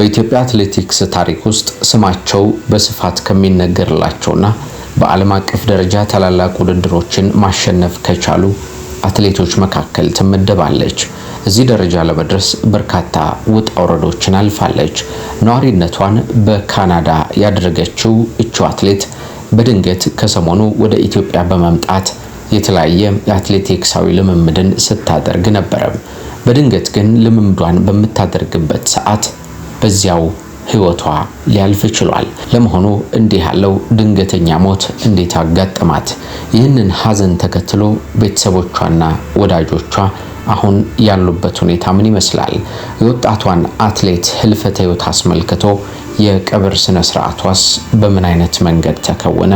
በኢትዮጵያ አትሌቲክስ ታሪክ ውስጥ ስማቸው በስፋት ከሚነገርላቸውና በዓለም አቀፍ ደረጃ ታላላቅ ውድድሮችን ማሸነፍ ከቻሉ አትሌቶች መካከል ትመደባለች። እዚህ ደረጃ ለመድረስ በርካታ ውጣ ውረዶችን አልፋለች። ነዋሪነቷን በካናዳ ያደረገችው እችው አትሌት በድንገት ከሰሞኑ ወደ ኢትዮጵያ በመምጣት የተለያየ የአትሌቲክሳዊ ልምምድን ስታደርግ ነበረ። በድንገት ግን ልምምዷን በምታደርግበት ሰዓት በዚያው ህይወቷ ሊያልፍ ችሏል። ለመሆኑ እንዲህ ያለው ድንገተኛ ሞት እንዴት አጋጠማት? ይህንን ሀዘን ተከትሎ ቤተሰቦቿና ወዳጆቿ አሁን ያሉበት ሁኔታ ምን ይመስላል? የወጣቷን አትሌት ህልፈተ ህይወት አስመልክቶ የቀብር ስነ ስርዓቷስ በምን አይነት መንገድ ተከወነ?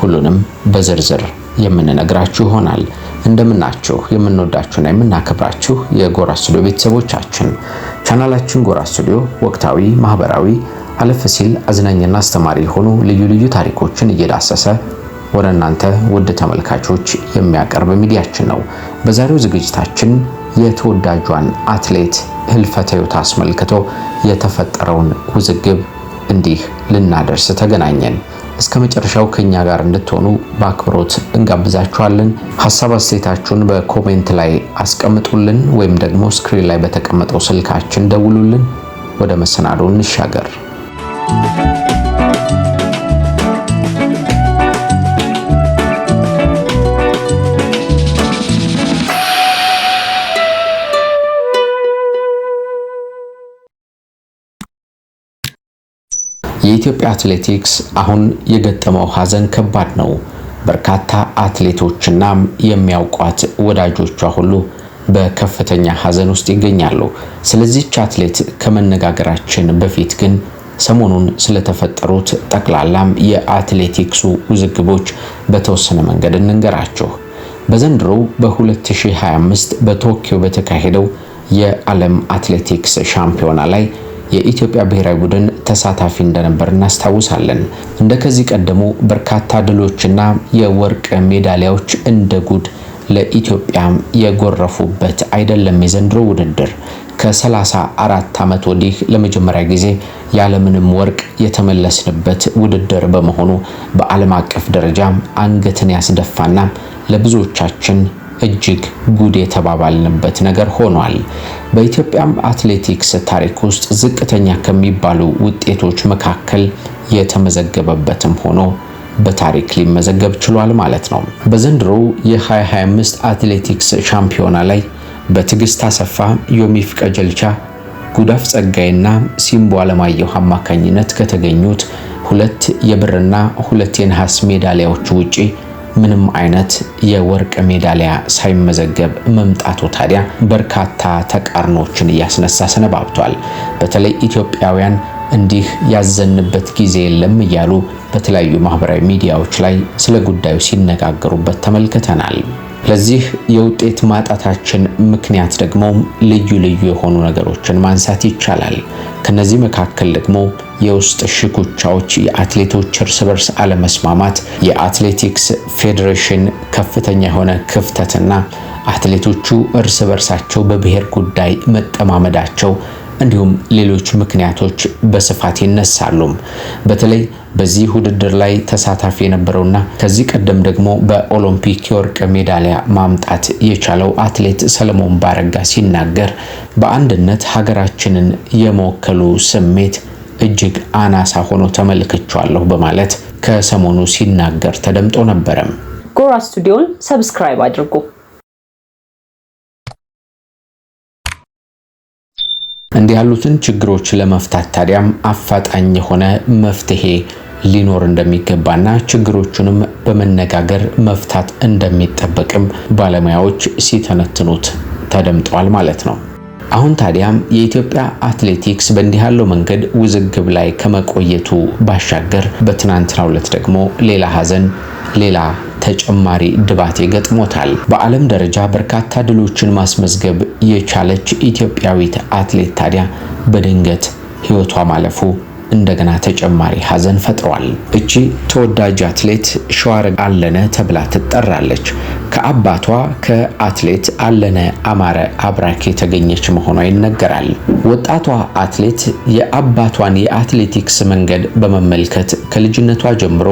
ሁሉንም በዝርዝር የምንነግራችሁ ይሆናል። እንደምናችሁ የምንወዳችሁና የምናከብራችሁ የጎራ ስቱዲዮ ቤተሰቦቻችን ቻናላችን ጎራ ስቱዲዮ ወቅታዊ፣ ማህበራዊ አለፍ ሲል አዝናኝና አስተማሪ የሆኑ ልዩ ልዩ ታሪኮችን እየዳሰሰ ወደ እናንተ ውድ ተመልካቾች የሚያቀርብ ሚዲያችን ነው። በዛሬው ዝግጅታችን የተወዳጇን አትሌት ህልፈተ ህይወት አስመልክቶ የተፈጠረውን ውዝግብ እንዲህ ልናደርስ ተገናኘን። እስከ መጨረሻው ከኛ ጋር እንድትሆኑ በአክብሮት እንጋብዛችኋለን። ሀሳብ አስተያየታችሁን በኮሜንት ላይ አስቀምጡልን፣ ወይም ደግሞ ስክሪን ላይ በተቀመጠው ስልካችን ደውሉልን። ወደ መሰናዶ እንሻገር። የኢትዮጵያ አትሌቲክስ አሁን የገጠመው ሀዘን ከባድ ነው። በርካታ አትሌቶችና የሚያውቋት ወዳጆቿ ሁሉ በከፍተኛ ሀዘን ውስጥ ይገኛሉ። ስለዚች አትሌት ከመነጋገራችን በፊት ግን ሰሞኑን ስለተፈጠሩት ጠቅላላም የአትሌቲክሱ ውዝግቦች በተወሰነ መንገድ እንንገራችሁ። በዘንድሮ በ2025 በቶኪዮ በተካሄደው የዓለም አትሌቲክስ ሻምፒዮና ላይ የኢትዮጵያ ብሔራዊ ቡድን ተሳታፊ እንደነበር እናስታውሳለን። እንደ ከዚህ ቀደሙ በርካታ ድሎችና የወርቅ ሜዳሊያዎች እንደ ጉድ ለኢትዮጵያም የጎረፉበት አይደለም። የዘንድሮ ውድድር ከ ከ34 ዓመት ወዲህ ለመጀመሪያ ጊዜ ያለምንም ወርቅ የተመለስንበት ውድድር በመሆኑ በዓለም አቀፍ ደረጃ አንገትን ያስደፋና ለብዙዎቻችን እጅግ ጉድ የተባባልንበት ነገር ሆኗል። በኢትዮጵያም አትሌቲክስ ታሪክ ውስጥ ዝቅተኛ ከሚባሉ ውጤቶች መካከል የተመዘገበበትም ሆኖ በታሪክ ሊመዘገብ ችሏል ማለት ነው። በዘንድሮ የ2025 አትሌቲክስ ሻምፒዮና ላይ በትዕግስት አሰፋ፣ ዮሚፍ ቀጀልቻ፣ ጉዳፍ ጸጋይና ሲምቦ አለማየሁ አማካኝነት ከተገኙት ሁለት የብርና ሁለት የነሐስ ሜዳሊያዎች ውጪ ምንም አይነት የወርቅ ሜዳሊያ ሳይመዘገብ መምጣቱ ታዲያ በርካታ ተቃርኖችን እያስነሳ ሰነባብቷል። በተለይ ኢትዮጵያውያን እንዲህ ያዘንበት ጊዜ የለም እያሉ በተለያዩ ማህበራዊ ሚዲያዎች ላይ ስለ ጉዳዩ ሲነጋገሩበት ተመልክተናል። ለዚህ የውጤት ማጣታችን ምክንያት ደግሞ ልዩ ልዩ የሆኑ ነገሮችን ማንሳት ይቻላል። ከነዚህ መካከል ደግሞ የውስጥ ሽኩቻዎች፣ የአትሌቶች እርስ በርስ አለመስማማት፣ የአትሌቲክስ ፌዴሬሽን ከፍተኛ የሆነ ክፍተትና አትሌቶቹ እርስ በርሳቸው በብሔር ጉዳይ መጠማመዳቸው እንዲሁም ሌሎች ምክንያቶች በስፋት ይነሳሉ። በተለይ በዚህ ውድድር ላይ ተሳታፊ የነበረውና ከዚህ ቀደም ደግሞ በኦሎምፒክ የወርቅ ሜዳሊያ ማምጣት የቻለው አትሌት ሰለሞን ባረጋ ሲናገር በአንድነት ሀገራችንን የመወከሉ ስሜት እጅግ አናሳ ሆኖ ተመልክቻለሁ በማለት ከሰሞኑ ሲናገር ተደምጦ ነበረም። ጎራ ስቱዲዮን ሰብስክራይብ አድርጉ። እንዲህ ያሉትን ችግሮች ለመፍታት ታዲያም አፋጣኝ የሆነ መፍትሄ ሊኖር እንደሚገባና ችግሮቹንም በመነጋገር መፍታት እንደሚጠበቅም ባለሙያዎች ሲተነትኑት ተደምጠዋል ማለት ነው። አሁን ታዲያም የኢትዮጵያ አትሌቲክስ በእንዲህ ያለው መንገድ ውዝግብ ላይ ከመቆየቱ ባሻገር በትናንትናው ዕለት ደግሞ ሌላ ሀዘን ሌላ ተጨማሪ ድባቴ ገጥሞታል። በዓለም ደረጃ በርካታ ድሎችን ማስመዝገብ የቻለች ኢትዮጵያዊት አትሌት ታዲያ በድንገት ሕይወቷ ማለፉ እንደገና ተጨማሪ ሀዘን ፈጥሯል። እቺ ተወዳጅ አትሌት ሸዋረግ አለነ ተብላ ትጠራለች። ከአባቷ ከአትሌት አለነ አማረ አብራክ የተገኘች መሆኗ ይነገራል። ወጣቷ አትሌት የአባቷን የአትሌቲክስ መንገድ በመመልከት ከልጅነቷ ጀምሮ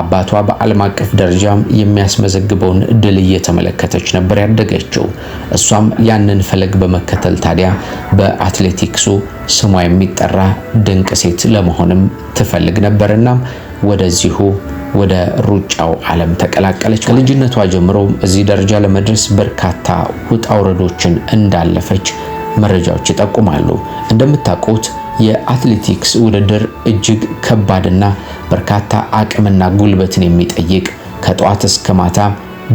አባቷ በዓለም አቀፍ ደረጃም የሚያስመዘግበውን ድል እየተመለከተች ነበር ያደገችው። እሷም ያንን ፈለግ በመከተል ታዲያ በአትሌቲክሱ ስሟ የሚጠራ ድንቅ ሴት ለመሆንም ትፈልግ ነበርና ወደዚሁ ወደ ሩጫው ዓለም ተቀላቀለች። ከልጅነቷ ጀምሮ እዚህ ደረጃ ለመድረስ በርካታ ውጣ ውረዶችን እንዳለፈች መረጃዎች ይጠቁማሉ። እንደምታውቁት የአትሌቲክስ ውድድር እጅግ ከባድና በርካታ አቅምና ጉልበትን የሚጠይቅ ከጠዋት እስከ ማታ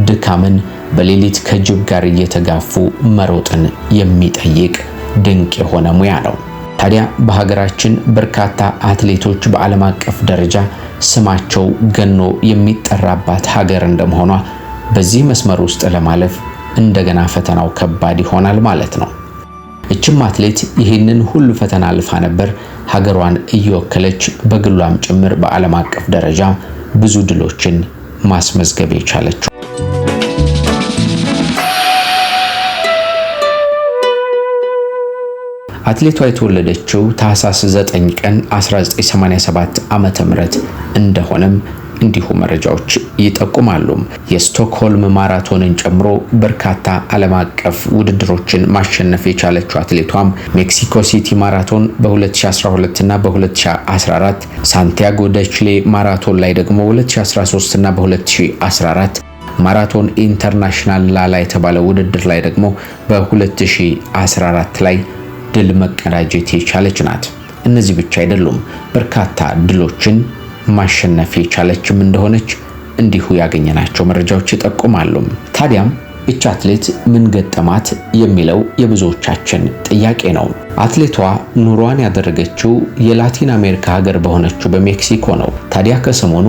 ድካምን በሌሊት ከጅብ ጋር እየተጋፉ መሮጥን የሚጠይቅ ድንቅ የሆነ ሙያ ነው። ታዲያ በሀገራችን በርካታ አትሌቶች በዓለም አቀፍ ደረጃ ስማቸው ገኖ የሚጠራባት ሀገር እንደመሆኗ በዚህ መስመር ውስጥ ለማለፍ እንደገና ፈተናው ከባድ ይሆናል ማለት ነው። እችም አትሌት ይህንን ሁሉ ፈተና አልፋ ነበር ሀገሯን እየወከለች በግሏም ጭምር በዓለም አቀፍ ደረጃ ብዙ ድሎችን ማስመዝገብ የቻለችው። አትሌቷ የተወለደችው ታህሳስ 9 ቀን 1987 ዓ.ም እንደሆነም እንዲሁ መረጃዎች ይጠቁማሉ። የስቶክሆልም ማራቶንን ጨምሮ በርካታ ዓለም አቀፍ ውድድሮችን ማሸነፍ የቻለችው አትሌቷም ሜክሲኮ ሲቲ ማራቶን በ2012 እና በ2014 ሳንቲያጎ ደችሌ ማራቶን ላይ ደግሞ 2013 እና በ2014 ማራቶን ኢንተርናሽናል ላላ የተባለ ውድድር ላይ ደግሞ በ2014 ላይ ድል መቀዳጀት የቻለች ናት። እነዚህ ብቻ አይደሉም፣ በርካታ ድሎችን ማሸነፍ የቻለችም እንደሆነች እንዲሁ ያገኘናቸው መረጃዎች ይጠቁማሉ። ታዲያም ይች አትሌት ምን ገጠማት የሚለው የብዙዎቻችን ጥያቄ ነው። አትሌቷ ኑሯን ያደረገችው የላቲን አሜሪካ ሀገር በሆነችው በሜክሲኮ ነው። ታዲያ ከሰሞኑ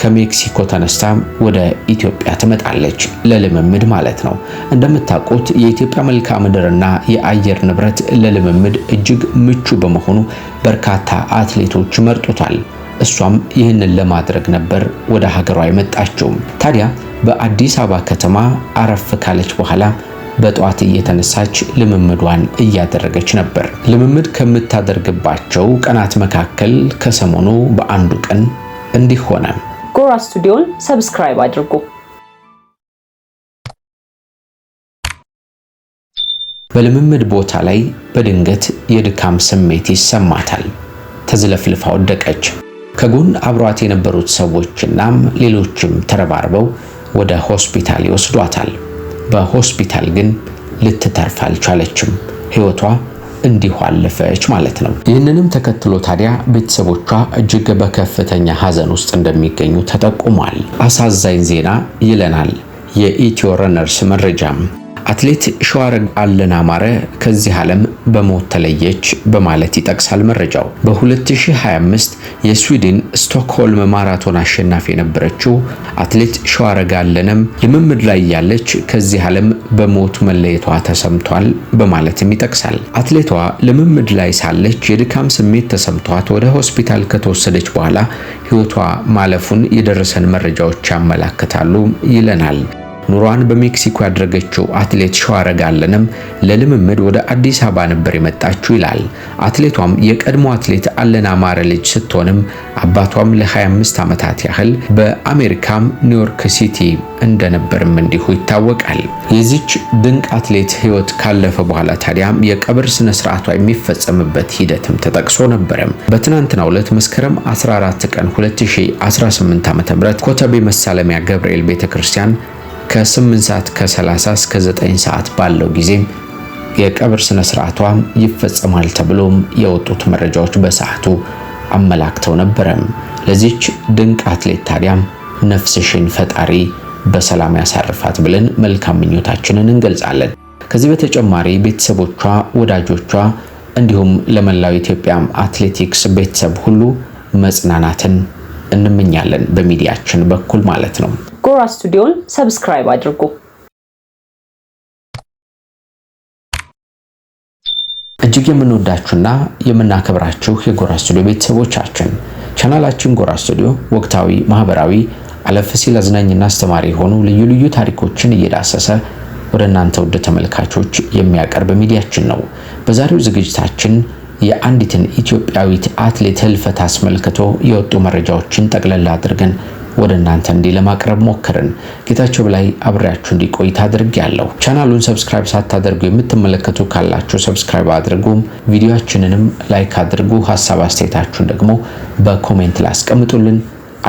ከሜክሲኮ ተነስታ ወደ ኢትዮጵያ ትመጣለች፣ ለልምምድ ማለት ነው። እንደምታውቁት የኢትዮጵያ መልክዓ ምድርና የአየር ንብረት ለልምምድ እጅግ ምቹ በመሆኑ በርካታ አትሌቶች መርጡታል። እሷም ይህንን ለማድረግ ነበር ወደ ሀገሯ የመጣችው። ታዲያ በአዲስ አበባ ከተማ አረፍ ካለች በኋላ በጠዋት እየተነሳች ልምምዷን እያደረገች ነበር። ልምምድ ከምታደርግባቸው ቀናት መካከል ከሰሞኑ በአንዱ ቀን እንዲህ ሆነ። ጎራ ስቱዲዮን ሰብስክራይብ አድርጉ። በልምምድ ቦታ ላይ በድንገት የድካም ስሜት ይሰማታል። ተዝለፍልፋ ወደቀች። ከጎን አብሯት የነበሩት ሰዎችናም ሌሎችም ተረባርበው ወደ ሆስፒታል ይወስዷታል። በሆስፒታል ግን ልትተርፍ አልቻለችም። ህይወቷ እንዲሁ አለፈች ማለት ነው። ይህንንም ተከትሎ ታዲያ ቤተሰቦቿ እጅግ በከፍተኛ ሀዘን ውስጥ እንደሚገኙ ተጠቁሟል። አሳዛኝ ዜና ይለናል የኢትዮ ረነርስ መረጃም አትሌት ሸዋረግ አለን አማረ ከዚህ ዓለም በሞት ተለየች በማለት ይጠቅሳል መረጃው። በ2025 የስዊድን ስቶክሆልም ማራቶን አሸናፊ የነበረችው አትሌት ሸዋረግ አለነም ልምምድ ላይ ያለች ከዚህ ዓለም በሞት መለየቷ ተሰምቷል በማለትም ይጠቅሳል። አትሌቷ ልምምድ ላይ ሳለች የድካም ስሜት ተሰምቷት ወደ ሆስፒታል ከተወሰደች በኋላ ሕይወቷ ማለፉን የደረሰን መረጃዎች ያመላክታሉ ይለናል። ኑሯን በሜክሲኮ ያደረገችው አትሌት ሸዋረግ አለንም ለልምምድ ወደ አዲስ አበባ ነበር የመጣችው ይላል። አትሌቷም የቀድሞ አትሌት አለን አማረ ልጅ ስትሆንም አባቷም ለ25 ዓመታት ያህል በአሜሪካም ኒውዮርክ ሲቲ እንደነበርም እንዲሁ ይታወቃል። የዚች ድንቅ አትሌት ህይወት ካለፈ በኋላ ታዲያም የቀብር ስነ ስርዓቷ የሚፈጸምበት ሂደትም ተጠቅሶ ነበረም። በትናንትናው ዕለት መስከረም 14 ቀን 2018 ዓ.ም ኮተቤ መሳለሚያ ገብርኤል ቤተክርስቲያን ከ8 ሰዓት ከ30 እስከ 9 ሰዓት ባለው ጊዜም የቀብር ስነ ስርዓቷ ይፈጸማል ተብሎም የወጡት መረጃዎች በሰዓቱ አመላክተው ነበረም። ለዚች ድንቅ አትሌት ታዲያም ነፍስሽን ፈጣሪ በሰላም ያሳርፋት ብለን መልካም ምኞታችንን እንገልጻለን። ከዚህ በተጨማሪ ቤተሰቦቿ፣ ወዳጆቿ እንዲሁም ለመላው ኢትዮጵያ አትሌቲክስ ቤተሰብ ሁሉ መጽናናትን እንመኛለን በሚዲያችን በኩል ማለት ነው። ጎራ ስቱዲዮን ሰብስክራይብ አድርጉ። እጅግ የምንወዳችሁና የምናከብራችሁ የጎራ ስቱዲዮ ቤተሰቦቻችን ቻናላችን ጎራ ስቱዲዮ ወቅታዊ፣ ማህበራዊ፣ አለፍ ሲል አዝናኝና አስተማሪ የሆኑ ልዩ ልዩ ታሪኮችን እየዳሰሰ ወደ እናንተ ውድ ተመልካቾች የሚያቀርብ ሚዲያችን ነው። በዛሬው ዝግጅታችን የአንዲትን ኢትዮጵያዊት አትሌት ህልፈት አስመልክቶ የወጡ መረጃዎችን ጠቅለላ አድርገን ወደ እናንተ እንዲህ ለማቅረብ ሞክርን። ጌታቸው በላይ አብሬያችሁ እንዲቆይታ አድርግ ያለው ቻናሉን ሰብስክራይብ ሳታደርጉ የምትመለከቱ ካላችሁ ሰብስክራይብ አድርጉም፣ ቪዲዮችንንም ላይክ አድርጉ፣ ሀሳብ አስተያየታችሁን ደግሞ በኮሜንት ላስቀምጡልን፣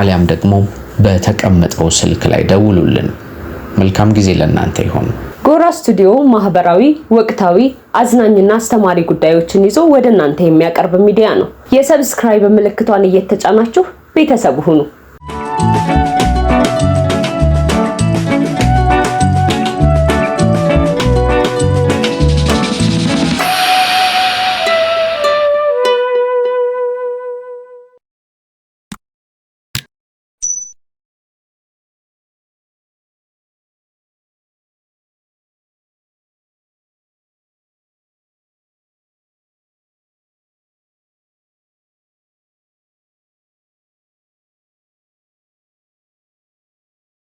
አሊያም ደግሞ በተቀመጠው ስልክ ላይ ደውሉልን። መልካም ጊዜ ለእናንተ ይሆን። ጎራ ስቱዲዮ ማህበራዊ፣ ወቅታዊ፣ አዝናኝና አስተማሪ ጉዳዮችን ይዞ ወደ እናንተ የሚያቀርብ ሚዲያ ነው። የሰብስክራይብ ምልክቷን እየተጫናችሁ ቤተሰብ ሁኑ። Thank you.